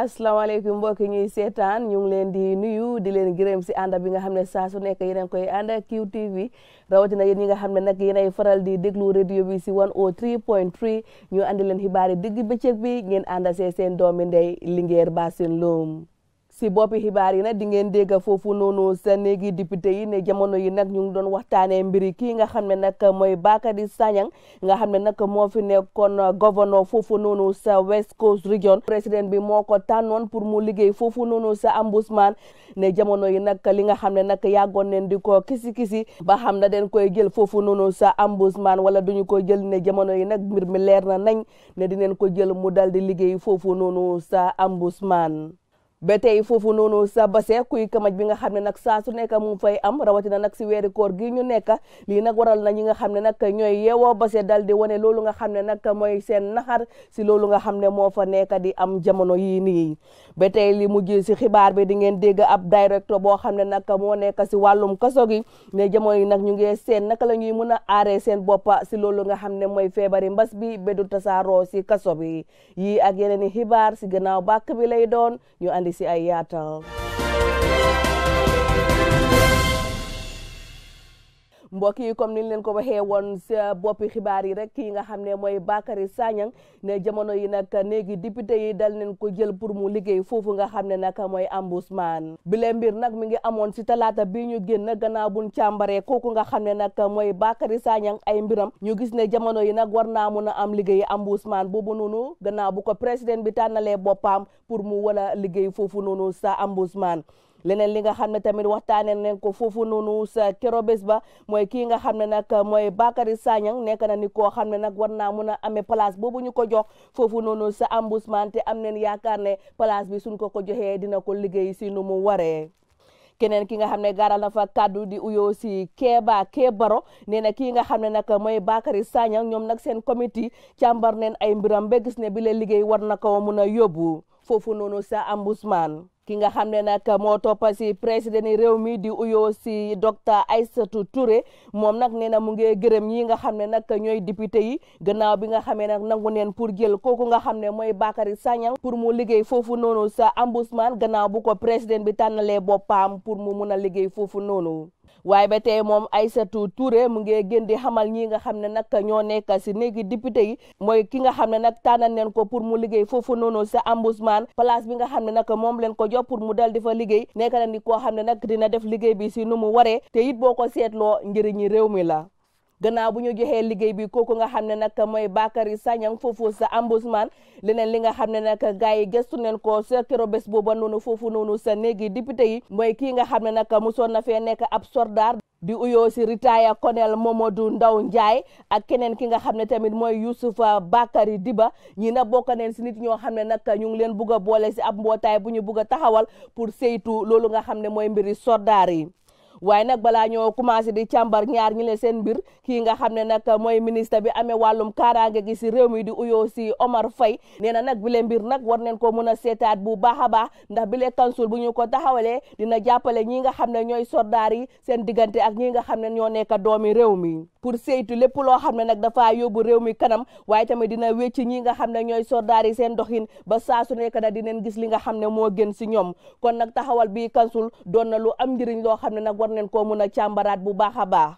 asalaamaaleykum mbokki ñuy seetaan ñu ngi leen di nuyu di leen gërëm si ànd bi nga xam ne saa su nekk yéen a koy ànd ak QTV rawatina yéen ñi nga xam ne nag yéen ay faral di déglu radio bi si o 103.3 ñu andi leen xibaari digg bëccëg bi ngeen ànd see seen doomi ndey Linguère Basin Lom si boppi xibaar yi nag di ngeen dégg foofu noonu sa néegi député yi ne jamono yi nag ñu ngi doon waxtaanee mbiri kii nga xam ne nag mooy Bakary Sanyang nga xam ne nag moo fi nekkoon gouverneur foofu noonu sa West Coast Region président bi moo ko tànnoon pour mu liggéey foofu noonu sa ombudsman ne jamono yi nag li nga xam ne nag yàggoon neen di ko kisi kisi ba xam na den koy jël foofu noonu sa ombudsman wala duñu ko jël ne jamono yi nag mbir mi leer na nañ ne dineen ko jël mu dal di liggéey foofu noonu sa ombudsman ba tey foofu noonu sa base kuy kamaj bi nga xam ne nag saa su nekk mu fay am rawatina nag si weeri koor gi ñu nekk lii nag waral na ñi nga xam ne nag ñooy yeewoo base dal di wane loolu nga xam ne nag mooy seen naxar si loolu nga xam ne moo fa nekk di am jamono yii nii ba tey li mujj si xibaar bi di ngeen dégg ab directeur boo xam ne nag moo nekk si wàllum kaso gi ne jamono yi nag ñu ngi seen naka la ñuy mën a aaree seen boppa si loolu nga xam ne mooy feebari mbas bi ba du tasaaroo si kaso bi yii ak yeneen i xibaar si ganaaw bàkk bi lay doon ñu andi dolli si ay mbokk yi comme niñ leen ko waxee woon sa uh, boppi xibaar yi rek kii nga xam ne mooy Bakary Sagnang ne jamono yi nag néegi député yi dal nañ ko jël pour mu liggéey foofu nga xam ne nag mooy ombudsman bile mbir nag mi ngi amoon si talaata bi ñu génn gannaaw buñ càmbaree kooku nga xam ne nag mooy Bakary Sagnang ay mbiram ñu gis ne jamono yi nag war naa mun a am liggéey ombudsman boobu noonu gannaaw bu ko président bi tànnalee boppam pour mu wala liggéey foofu noonu sa ombudsman leneen li nga xam ne tamit waxtaane nañ ko foofu noonu sa kero ba mooy kii nga xam ne nag mooy Bakary Sagnang nekk na ni koo xam ne nag war naa mun a amee place boobu ñu ko jox foofu noonu sa ombudsman te am nañ yaakaar ne place bi suñ ko ko joxee dina ko liggéey si nu mu waree keneen ki nga xam ne gaaral na fa kaddu di uyoo si Kéba Kébaro nee na kii nga xam ne nag mooy Bakary Sagnang ñoom nag seen comité càmbar neen ay mbiram ba gis ne bi la liggéey war na ko mun a yóbbu foofu noonu sa ombudsman ki nga xam ne nag moo toppa si président réew mi di uyoo si docteur Aïssatou Touré moom nag nee na mu ngi gërëm ñi nga xam ne nag ñooy député yi gannaaw bi nga xamee nag nangu neen pour jël kooku nga xam ne mooy Bakary Sagnang pour mu liggéey foofu noonu sa ombudsman gannaaw bu ko président bi tànnalee boppam pour mu mun a liggéey foofu noonu waaye ba tey moom ay Aïssatou Touré mu ngi gën di xamal ñi nga xam ne nag ñoo nekk si néegi député yi mooy ki nga xam ne nag tànnal leen ko pour mu liggéey foofu noonu sa ombudsman place bi nga xam ne nag moom leen ko jox pour mu dal di fa liggéey nekk na di ko xam ne nag dina def liggéey bi si nu mu waree te it boo ko seetloo njëriñi réew mi la gannaaw bu ñu joxee liggéey bi kooku nga xam ne nag mooy Bakary Sagnang foofu sa ombudsman leneen li nga xam ne nag gars yi gëstu neen ko sa kero bés booba noonu foofu noonu sa néegi député yi mooy kii nga xam ne nag mosoon na fee nekk ab sordaar di uyoo si ritaya colonel Momodou Ndaw njaay ak keneen ki nga xam ne tamit mooy Youssoufa Bakary Diba ñi na bokk neen si nit ñoo xam ne nag ñu ngi leen bugg boole si ab mbootaay bu ñu bugg a taxawal pour saytu loolu nga xam ne mooy mbiri sordaar yi waaye nag balaa ñoo commencé di càmbar ñaar ñi le seen mbir kii nga xam ne nag mooy ministre bi amee wàllum kaaraange gi si réew mi di uyoo si Omar fay nee na nag bile mbir nag war neen ko mën a seetaat bu baax a baax ndax bile kansul bu ñu ko taxawalee dina jàppale ñi nga xam ne ñooy soldaar yi seen diggante ak ñi nga xam ne ñoo nekk doomi réew mi pour saytu lépp loo xam ne nag dafa yóbbu réew mi kanam waaye tamit dina wecci ñi nga xam ne ñooy soldaar yi seen doxin ba saa su nekk na dineen gis li nga xam ne moo gën si ñoom kon nag taxawal bi am njëriñ loo xam ne war nañ koo mun a càmbaraat bu baax a baax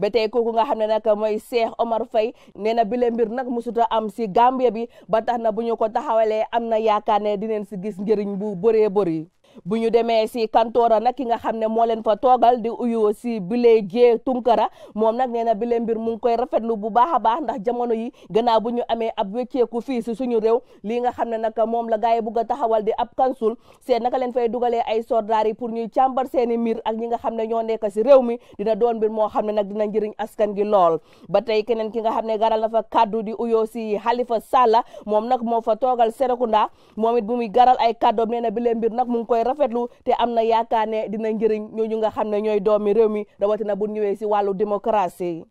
ba tey kooku nga xam ne nag mooy Cheikh Omar Faye nee na bile mbir nag mosut am si Gambie bi ba tax na bu ñu ko taxawalee am na yaakaar ne dinañ si gis njëriñ bu bëree bëri. bu ñu demee si kantoora nag ki nga xam ne moo leen fa toogal di uyu si bile jee tunkara moom nag nee na bile mbir mu ngi koy rafetlu bu baax baax ndax jamono yi gannaaw bu ñu amee ab wécceeku fi si suñu réew lii nga xam ne nag moom la gars yi bugg taxawal di ab kansul seet naka leen fa dugalee ay soldaar yi pour ñuy càmbar seeni mbir ak ñi nga xam ne ñoo nekk si réew mi dina doon mbir moo xam ne nag dina njëriñ askan gi lool ba tey keneen ki nga xam ne garal na kaddu di uyoo si Halifa Sallah moom nag moo fa toogal rafetlu te am na yaakaar ne dina njëriñ ñooñu nga xam ne ñooy doomi réew mi rawatina bu ñëwee si wàllu démocratie.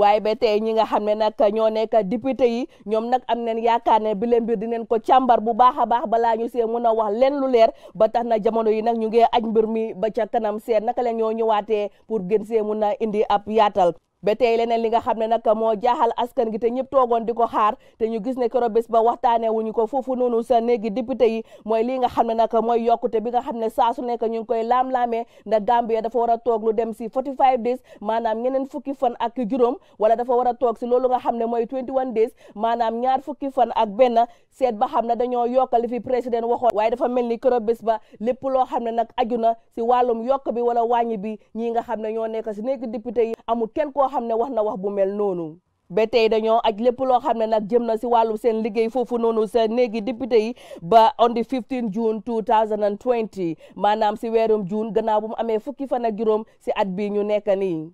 waaye ba tey ñi nga xam ne nag ñoo nekk député yi ñoom nag am nañ yaakaar ne bi leen mbir dinañ ko càmbar bu baax a baax balaa ñu see mun a wax leen lu leer ba tax na jamono yi nag ñu ngi aj mbir mi ba ca kanam seet naka la ñoo ñëwaatee pour gën see mun a indi ab yaatal. ba tey leneen li nga xam ne nag moo jaaxal askan gi te ñëpp toogoon di ko xaar te ñu gis ne keroog bés ba waxtaanee wuñu ko foofu noonu sa néegi député yi mooy li nga xam ne nag mooy yokkute bi nga xam ne saa su nekk ñu ngi koy laam-laamee ndax Gambia dafa war a toog lu dem si 45 days maanaam ñeneen fukki fan ak juróom wala dafa war a toog si loolu nga xam ne mooy 21 days maanaam ñaar fukki fan ak benn seet ba xam ne dañoo yokkal fi président waxoon waaye dafa mel ni keroog bés ba lépp loo xam ne nag aju na si wàllum yokk bi wala wàññi bi ñi nga xam ne ñoo nekk si néegi député yi amul kenn xam ne wax na wax bu mel noonu ba tey dañoo aj lépp loo xam ne nag jëm na si wàllu seen liggéey foofu noonu sa néegi député yi ba on the 15 June 2020 maanaam si weerum June gannaaw bu mu amee fukki fan ak juróom si at bii ñu nekk nii.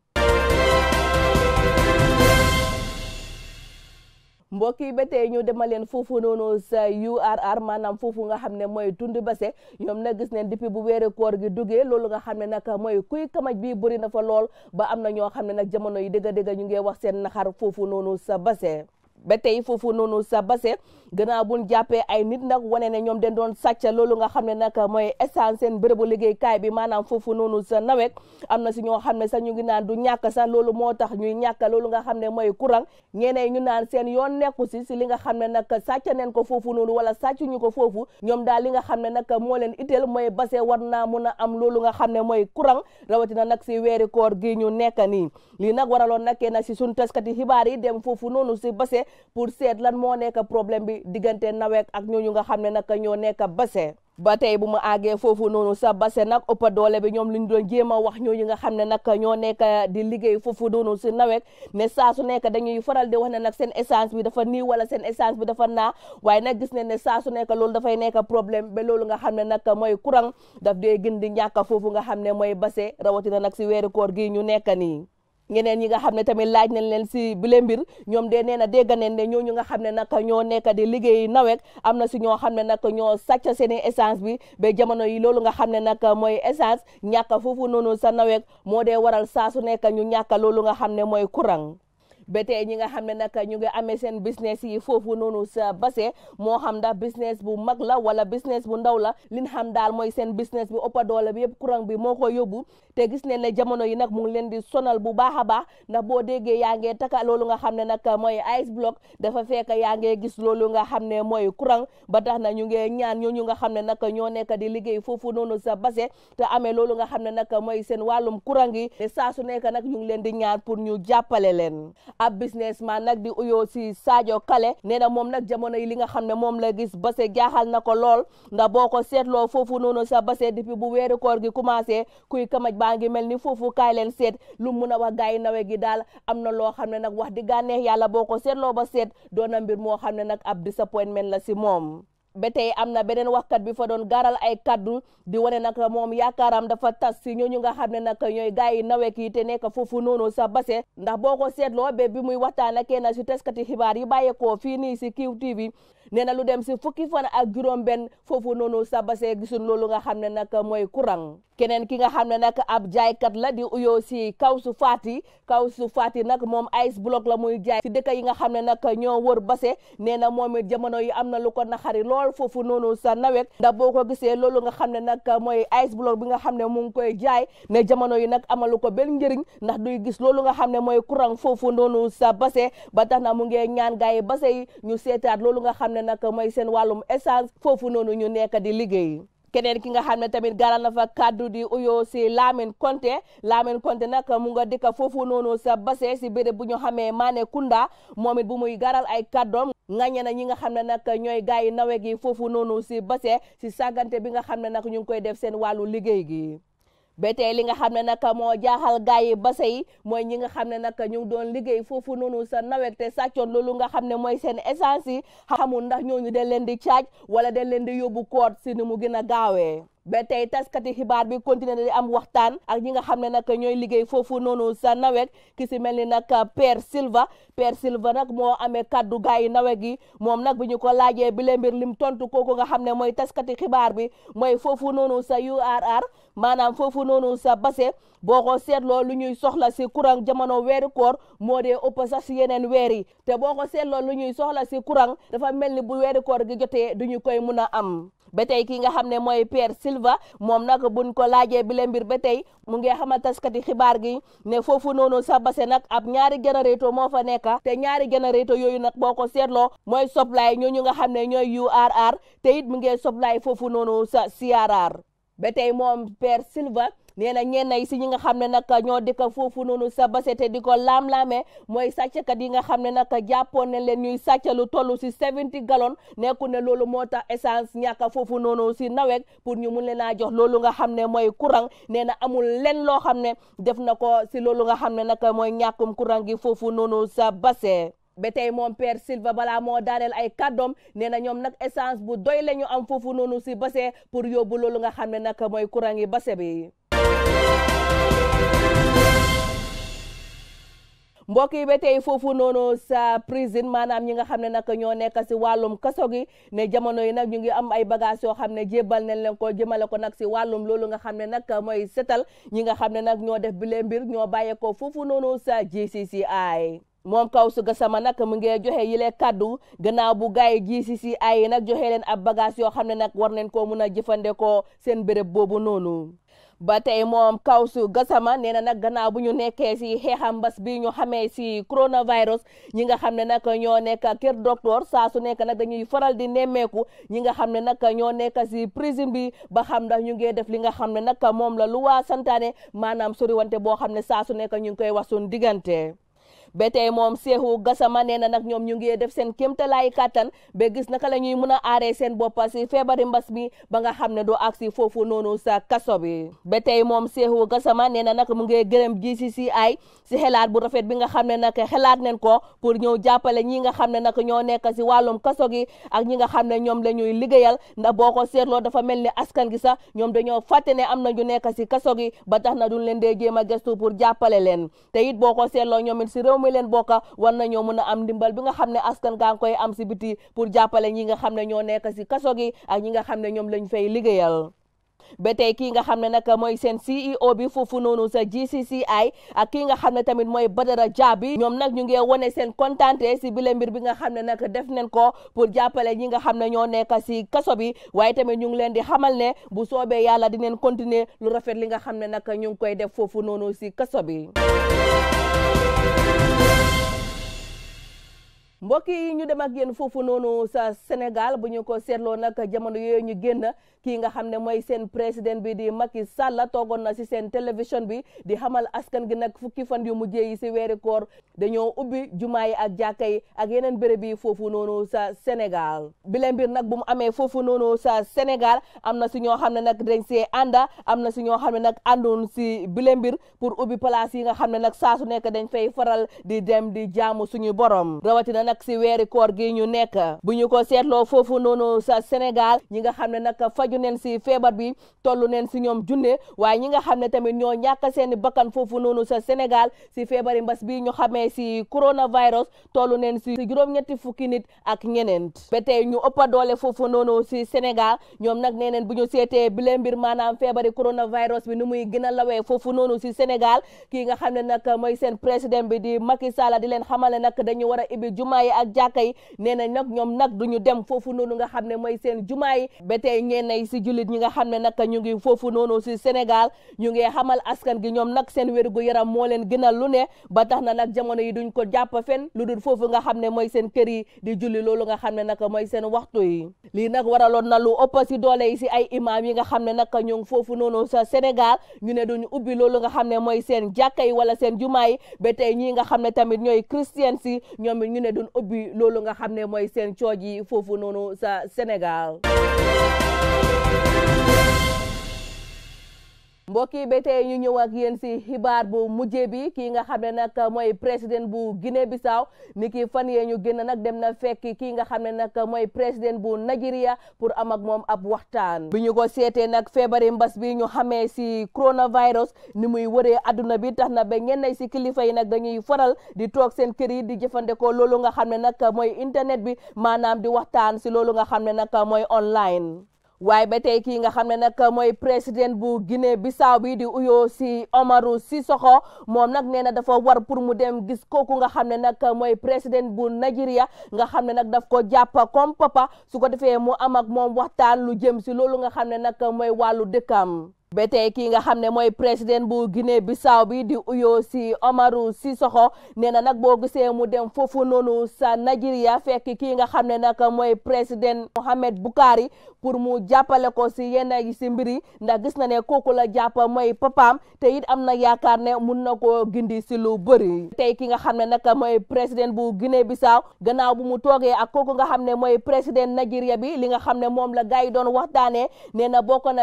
mbokk yi ba tey ñu dema leen foofu noonu sa URR maanaam foofu nga xam ne mooy tund base ñoom nag gis neen depuis bu weeri koor gi duggee loolu ga xam ne nag mooy kuy kama bi bëri na fa lool ba am na ñoo xam ne nag jamono yi dëgg dëgg ñu ngi wax seen naxar foofu noonu sa base ba tey foofu noonu sa base gannaaw buñ jàppee ay nit nag wane ne ñoom den doon sàcc loolu nga xam ne nag mooy essence seen bu liggéeykaay bi maanaam foofu noonu sa nawet am na si ñoo xam ne sax ñu ngi naan du ñàkk sax loolu moo tax ñuy ñàkk loolu nga xam ne mooy courant ñeneen ñu naan seen yoon nekku si si li nga xam ne nag sàcc neen ko foofu noonu wala sàccuñu ko foofu ñoom daal li nga xam ne nag moo leen itteel mooy base war naa mun a am loolu nga xam ne mooy courant rawatina nag si weri koor gi ñu nekk nii lii nag waraloon nag kenn si suñ taskati xibaar yi dem foofu noonu si base pour seet lan moo nekk problème bi diggante naweek ak ñooñu nga xam ne naka ñoo nekk base ba tey bu mu àggee foofu noonu sa base nag ëpp doole bi ñoom li ñu doon jéem a wax ñooñu nga xam ne nag ñoo nekk di liggéey foofu noonu si nawet ne saa su nekk dañuy faral di wax ne nag seen essence bi dafa nii wala seen essance bi dafa naa waaye nag gis ne ne saa su loolu dafay nekk problème ba loolu nga xam ne nag mooy kuran daf dee gën di ñàkk foofu nga xam ne mooy base rawatina nag si weeru koor gi ñu nekk nii. ñeneen yi nga xam ne tamit laaj nañ leen si bile mbir ñoom de nee na dégg nañ ne ñu nga xam ne nag ñoo nekk di liggéey nawek am na si ñoo xam ne nag ñoo sàcc seen essance bi ba jamono yi loolu nga xam ne nag mooy essence ñàkk foofu noonu sa nawek moo de waral saa su ñu ñàkk loolu nga xam ne mooy courant ba tey ñi nga xam ne nag ñu ngi amee seen business yi foofu noonu sa base moo xam ndax business bu mag la wala business bu ndaw la li ñu xam daal mooy seen business bi ëpp doole yëpp courant bi moo ko yóbbu te gis ne ne jamono yi nag mu ngi leen di sonal bu baax a baax ndax boo déggee yaa ngee taka nga xam ne nag mooy ice block dafa fekk yaa gis loolu nga xam ne mooy courant ba tax na ñu nge ñaan ñu nga xam ne nag ñoo nekk di liggéey foofu noonu sa base te amee loolu nga xam ne nag mooy seen wàllum courant gi te saa su nekk nag ñu ngi leen di ñaan pour ñu jàppale leen ab businessman nag di uyoo si Sadio Kale nee na moom nag jamono yi li nga xam ne moom la gis base jaaxal na ko lool nga boo ko seetloo foofu noonu sa base depuis bu weeru koor gi commencé kuy kamaj baa ngi mel ni foofu kaay seet lu mun a wax gars nawe gi daal am na loo xam ne nag wax di gànneex yàlla boo ko seetloo ba seet doon na mbir moo xam ne nag ab disappointment la si moom ba tey am na beneen waxkat bi fa doon garal ay kaddu di wane nag moom yaakaaram dafa tas si ñooñu nga xam ne nag ñooy gars yi nawet te nekk foofu noonu sa base ndax boo ko seetloo ba bi muy waxtaan ak kenn si teskati xibaar yi bàyyeekoo fii ni si QTV nee na lu dem si fukki fan ak juróom-benn foofu noonu sa base gisul loolu nga xam ne nag mooy courant. keneen ki nga xam ne nag ab jaaykat la di uyoo si kaw Kawsu Faati Kawsu Faati nag moom ice block la muy jaay si dëkk yi nga xam ne nag ñoo wër base nee na moom it jamono yi am na lu ko naxari lool foofu noonu sa nawet ndax boo ko gisee loolu nga xam ne nag mooy ice block bi nga xam ne mu koy jaay ne jamono yi nag amalu ko benn njëriñ ndax duy gis loolu nga xam ne mooy courant foofu ndoonu sa base ba tax na mu ngee ñaan gars yi base yi ñu seetaat loolu nga xam ne nag mooy seen wàllum essence foofu noonu ñu nekk di liggéey keneen ki nga xam ne tamit garal na fa kaddu di uyoo si Lamin Konte Lamin Konte nag mu nga dëkk foofu noonu sa base si béréb bu ñu xamee Maane Kunda moom it bu muy garal ay kaddoom ngañe na ñi nga xam ne nag ñooy gars yi nawe gi foofu noonu si base si sàggante bi nga xam ne nag ñu ngi koy def seen wàllu liggéey gi ba tey li nga xam ne nag moo jaaxal gars yi base yi mooy ñi nga xam ne nag ñu ngi doon liggéey foofu noonu sa nawet te sàccoon loolu nga xam ne mooy seen essence yi xamul ndax ñooñu dañ leen di caaj wala dañ leen di yóbbu koot si ni mu gën a gaawee ba tey taskati xibaar bi continué na am waxtaan ak ñi nga xam ne nag ñooy liggéey foofu noonu sa nawek ki si mel ni nag Père Silva Père Silva nag moo amee kaddu gaay yi nawek gi moom nag bi ñu ko laajee bile mbir lim tontu ko nga xam ne mooy taskati xibaar bi mooy foofu noonu sa URR maanaam foofu noonu sa base boo ko seetloo lu ñuy soxla si courant jamono weeri koor moo dee ëpp sax si yeneen weer yi te boo ko seetloo lu ñuy soxla si courant dafa mel ni bu weeri koor gi jotee du koy mun a am. ba tey ki nga xam ne mooy Pierre Silva moom nag buñ ko laajee bile mbir ba tey mu ngi xamal taskati xibaar gi ne foofu noonu Sabasé nag ab ñaari générateur moo fa nekka te ñaari générateur yooyu nag boo ko seetloo mooy soplaay ñooñu nga xam ne ñooy URR te it mu ngi soplaay foofu noonu sa CRR ba tey moom Pierre Silva. nee na ñenn yi si ñi nga xam ne nag ñoo dëkk foofu noonu sa basete di ko laam-laamee mooy sàcckat yi nga xam ne nag jàppoon ne leen ñuy sàcc lu toll si 70 gallon nekku ne loolu moo tax essence ñàkk foofu noonu si nawet pour ñu mun leen a jox loolu nga xam ne mooy courant nee na amul leen loo xam ne def na ko si loolu nga xam ne nag mooy ñàkkum courant gi foofu noonu sa base ba tey moom père Silva balaa moo daaneel ay kaddoom nee na ñoom nag essence bu doy la ñu am foofu noonu si base pour yóbbu loolu nga xam ne nag mooy courant gi base bi mbokk yi ba tey foofu noonu sa prison maanaam ñi nga xam ne nag ñoo nekk si wàllum kaso gi ne jamono yi nag ñu ngi am ay bagage yoo xam ne jébal nañ leen ko jëmale ko nag si wàllum loolu nga xam ne nag mooy setal ñi nga xam ne nag ñoo def bile mbir ñoo bàyyeekoo foofu noonu sa GCCI. moom Kawsu Gassama nag mu ngi joxe yile kàddu gannaaw bu gars si ayi nag joxe leen ab bagage yoo xam ne nag war nañ koo mun a jëfandikoo seen béréb boobu noonu. ba tey moom Kawsu Gassama nee na nag gannaaw bu ñu nekkee si xeexam mbas ñu xamee si coronavirus ñi nga xam ne nag ñoo nekk kër doctor saa su nekk nag dañuy faral di nemmeeku ñi nga xam ne nag ñoo nekk si prison bi ba xam ndax ñu ngi def li nga xam ne nag moom la lu waa santaane maanaam wante boo xam ne saa su nekk ñu ngi koy wax suñu diggante. ba tey moom Seexu Gassama nee na nag ñoom ñu ngi def seen kéemtalaay kàttan ba gis naka la ñuy mën a aaree seen boppa si feebari mbas mi ba nga xam ne doo si foofu noonu sa kaso bi ba tey moom Seexu Gassama nee na nag mu ngi gërëm GCCI si xelaat bu rafet bi nga xam ne nag xelaat nañ ko pour ñëw jàppale ñi nga xam ne nag ñoo nekk si wàllum kaso gi ak ñi nga xam ne ñoom la ñuy liggéeyal ndax boo ko seetloo dafa mel ni askan gi sax ñoom dañoo fàtte ne am na ñu nekk si kaso gi ba tax na duñ leen dee jéem a gëstu pour jàppale leen muy leen bokka war na ñoo mën a am ndimbal bi nga xam ne askan gaa ngi koy am si biti pour jàppale ñi nga xam ne ñoo nekk si kaso gi ak ñi xam ne ñoom lañ fay liggéeyal ba tey kii nga xam ne nag mooy seen CEO bi foofu noonu sa GCCI ak kii nga xam ne tamit mooy Badara Jabi ñoom nag ñu ngi wane seen kontante si bile bi nga xam ne nag def nañ ko pour jàppale ñi nga xam ne ñoo nekk si kaso bi waaye tamit ñu ngi leen di xamal ne bu soobee yàlla dinañ continuer lu rafet li nga xam ne nag ñu ngi koy def noonu si kaso bi. mbokk yi ñu dem ak yéen foofu noonu sa Sénégal bu ñu ko seetloo nag jamono yooyu ñu génn kii nga xam ne mooy seen président bi di Macky Sall toogoon na si seen télévision bi di xamal askan gi nag fukki fan yu mujjee yi si weeri koor dañoo ubbi jumaa yi ak jàkka yi ak yeneen béréb yi foofu noonu sa Sénégal bile nag bu mu amee foofu noonu sa Sénégal am na si ñoo xam ne nag dañ see ànda am na si ñoo xam ne nag àndoon si bile mbir pour ubbi place yi nga xam ne nag saa su nekk dañ fay faral di dem di jaamu suñu borom nag nak ci wéri koor gi ñu nekk bu ñu ko sétlo fofu nonu sa Sénégal ñi nga xamné nak faju nen ci fébar bi tollu nen ci ñom jundé way ñi nga xamné tamit ño seen bakkan fofu nonu sa Sénégal si fébar yi mbas bi ñu xamé si coronavirus tollu nen si juroom ñetti fukki nit ak ñenen ba tey ñu oppa doolé fofu nonu si Sénégal ñom nak nenen neen bu ñu seetee mbir coronavirus bi ni muy gëna lawé fofu nonu ci si Sénégal ki nga xamné nak moy seen président bi di Macky Sall di len xamalé nak dañu wara ibi jumaa jumaa yi ak jàkka yi nee nañ nag ñoom nag duñu dem foofu noonu nga xam ne mooy seen jumaa yi ba tey ñenn si jullit ñi nga xam ne nag ñu ngi foofu noonu si Sénégal ñu ngi xamal askan gi ñoom nag seen wérgu yaram moo leen gënal lu ne ba tax na nag jamono yi duñ ko jàpp fen lu dul foofu nga xam ne mooy seen kër yi di julli loolu nga xam ne nag mooy seen waxtu yi lii nag waraloon na lu ëpp si doole yi si ay imaam yi nga xam ne nag ñu foofu noonu sa Sénégal ñu ne duñu ubbi loolu nga xam ne mooy seen jàkka yi wala seen jumaa yi ba tey ñii nga xam ne tamit ñooy chrétien si ñoom ñu ne doon ubbi loolu nga xam ne mooy seen cooj yi foofu noonu sa Sénégal mbokk yi ba tey ñu ñëw ak yéen si xibaar bu mujjee bi kii nga xam ne nag mooy président bu Guinée Bissau ni ki fan yee ñu génn nag dem na fekk kii nga xam ne nag mooy président bu Nigeria pour am ak moom ab waxtaan. bi ñu ko seetee nag feebari mbas bi ñu xamee si coronavirus ni muy wëree adduna bi tax na ba ñenn si kilifa yi nag dañuy faral di toog seen kër yi di jëfandikoo loolu nga xam ne nag mooy internet bi maanaam di waxtaan si loolu nga xam ne nag mooy online. waaye ba tey kii nga xam ne nag mooy président bu Guinée Bissau bi di uyoo si si soxo moom nag nee na dafa war pour mu dem gis kooku nga xam ne nag mooy président bu Nigeria nga xam ne nag daf ko jàpp comme pappa su ko defee mu am ak moom waxtaan lu jëm si loolu nga xam ne nag mooy wàllu dëkkam. ba tey kii nga xam ne mooy président bu Guinée Bissau bi di uyoo si Omaru Sissoco nee na nag boo gisee mu dem foofu noonu sa Nigeria fekk kii nga xam ne nag mooy président Mohamed Bukari pour mu jàppale ko si yenn yi si mbir yi ndax gis na ne kooku la jàpp mooy papaam te it am na yaakaar ne mun na koo gindi si lu bëri. tey ki nga xam ne nag mooy président bu Guinée Bissau gannaaw bu mu toogee ak kooku nga xam ne mooy président Nigeria bi li nga xam ne moom la gars doon waxtaanee nee na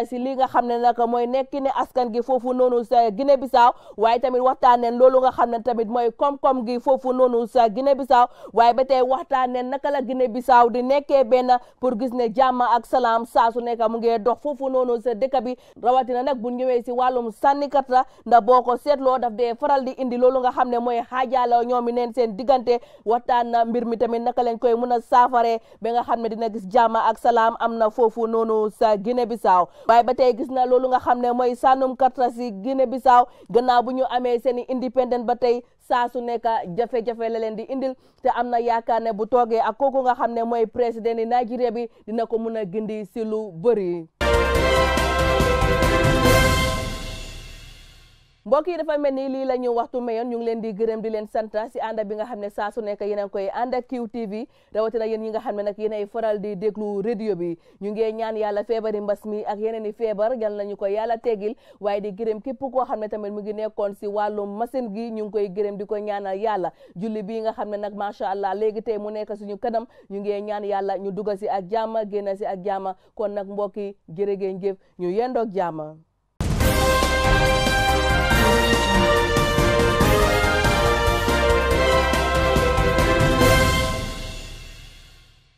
si li nga xam ne nag mooy nekkine askan gi foofu noonu sa Guinée Bissau waaye tamit waxtaaneen loolu nga xam ne tamit mooy koom-koom gi foofu noonu sa Guinée Bissau waaye ba tey waxtaaneen naka la Guinée Bissau di nekkee benn pour gis ne jàmm ak salaam saa su nekk mu ngi dox foofu noonu sa dëkk bi rawatina nag bu ñëwee si wàllum sànnikat la nda boo ko seetloo daf dee faral di indi loolu nga xam ne mooy xaajaala ñoomi neen seen diggante waxtaan na mbir mi tamit naka lañ koy mën a saafare ba nga xam ne dina gis jàmm ak salaam am na foofu noonu sa Guinée Bissau waaye gis xam ne mooy sànnum karta si Guinée Bissau gannaaw bu ñu amee seen i indépendant ba tey saa su nekk jafe-jafe la leen di indil te am na yaakaar ne bu toogee ak kooku nga xam ne mooy président yi Nigeria bi dina ko mun a gindi si lu bëri. mbokk yi dafa mel ni lii la ñu waxtu mayoon ñu ngi leen di gërëm di leen sant si ànd bi nga xam ne saa su nekk yéen a ngi koy ànd ak QTV rawatina yéen ñi nga xam ne nag yéen ay faral di déglu radio bi ñu ngee ñaan yàlla feebari mbas mi ak yeneen i feebar yal nañu ko yàlla teggil waaye di gërëm képp koo xam ne tamit mu ngi nekkoon si wàllum machine gi ñu ngi koy gërëm di ko ñaanal yàlla julli bii nga xam ne nag macha allah léegi tey mu nekk suñu kanam ñu ngee ñaan yàlla ñu dugal si ak jàmm génn si ak jàmm kon nag mbokk yi jërëgeen jëf ñu yendoog jàmm